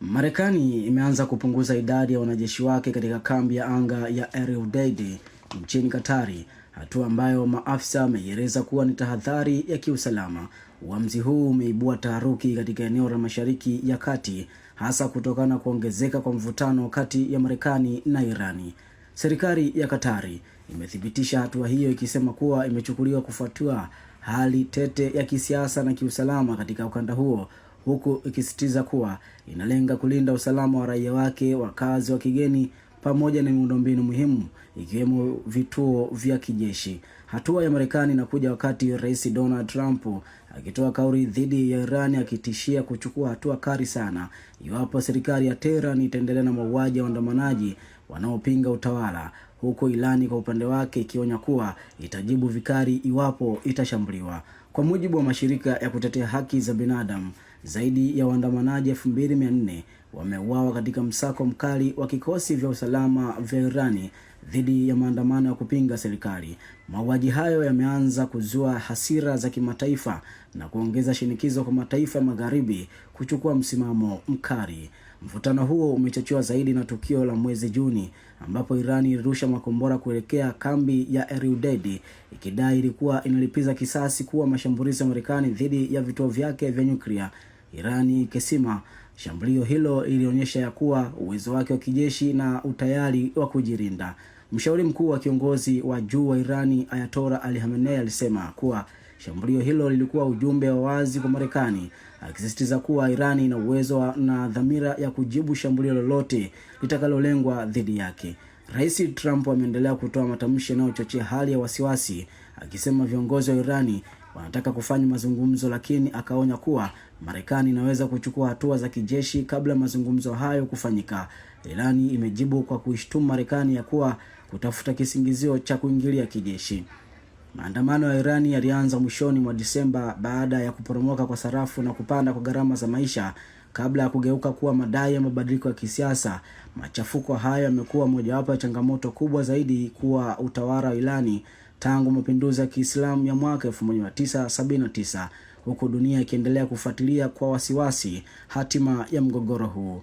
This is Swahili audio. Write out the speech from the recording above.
Marekani imeanza kupunguza idadi ya wanajeshi wake katika kambi ya anga ya Al Udeid nchini Katari, hatua ambayo maafisa wameieleza kuwa ni tahadhari ya kiusalama. Uamuzi huu umeibua taharuki katika eneo la Mashariki ya Kati, hasa kutokana na kuongezeka kwa mvutano kati ya Marekani na Irani. Serikali ya Katari imethibitisha hatua hiyo ikisema kuwa imechukuliwa kufuatia hali tete ya kisiasa na kiusalama katika ukanda huo huku ikisisitiza kuwa inalenga kulinda usalama wa raia wake, wakazi wa kigeni pamoja na miundombinu muhimu ikiwemo vituo vya kijeshi. Hatua ya Marekani inakuja wakati Rais Donald Trump akitoa kauli dhidi ya Iran akitishia kuchukua hatua kali sana iwapo serikali ya Tehran itaendelea na mauaji ya waandamanaji wanaopinga utawala huku Irani kwa upande wake ikionya kuwa itajibu vikali iwapo itashambuliwa. Kwa mujibu wa mashirika ya kutetea haki za binadamu, zaidi ya waandamanaji 2400 wameuawa katika msako mkali wa kikosi vya usalama vya Irani dhidi ya maandamano ya kupinga serikali. Mauaji hayo yameanza kuzua hasira za kimataifa na kuongeza shinikizo kwa mataifa ya Magharibi kuchukua msimamo mkali. Mvutano huo umechochewa zaidi na tukio la mwezi Juni ambapo Iran ilirusha makombora kuelekea kambi ya Eriudedi ikidai ilikuwa inalipiza kisasi kuwa mashambulizi ya Marekani dhidi ya vituo vyake vya nyuklia, Iran ikisema shambulio hilo ilionyesha ya kuwa uwezo wake wa kijeshi na utayari wa kujilinda. Mshauri mkuu wa kiongozi wa juu wa Irani Ayatollah Ali Khamenei alisema kuwa Shambulio hilo lilikuwa ujumbe wa wazi kwa Marekani, akisisitiza kuwa Iran ina uwezo na dhamira ya kujibu shambulio lolote litakalolengwa dhidi yake. Rais Trump ameendelea kutoa matamshi yanayochochea hali ya wasiwasi, akisema viongozi wa Irani wanataka kufanya mazungumzo, lakini akaonya kuwa Marekani inaweza kuchukua hatua za kijeshi kabla mazungumzo hayo kufanyika. Irani imejibu kwa kuishtumu Marekani ya kuwa kutafuta kisingizio cha kuingilia kijeshi. Maandamano ya Iran yalianza mwishoni mwa Disemba baada ya kuporomoka kwa sarafu na kupanda kwa gharama za maisha kabla ya kugeuka kuwa madai ya mabadiliko ya kisiasa. Machafuko hayo yamekuwa mojawapo ya changamoto kubwa zaidi kuwa utawala wa Irani tangu mapinduzi ya Kiislamu ya mwaka 1979 huku dunia ikiendelea kufuatilia kwa wasiwasi hatima ya mgogoro huu.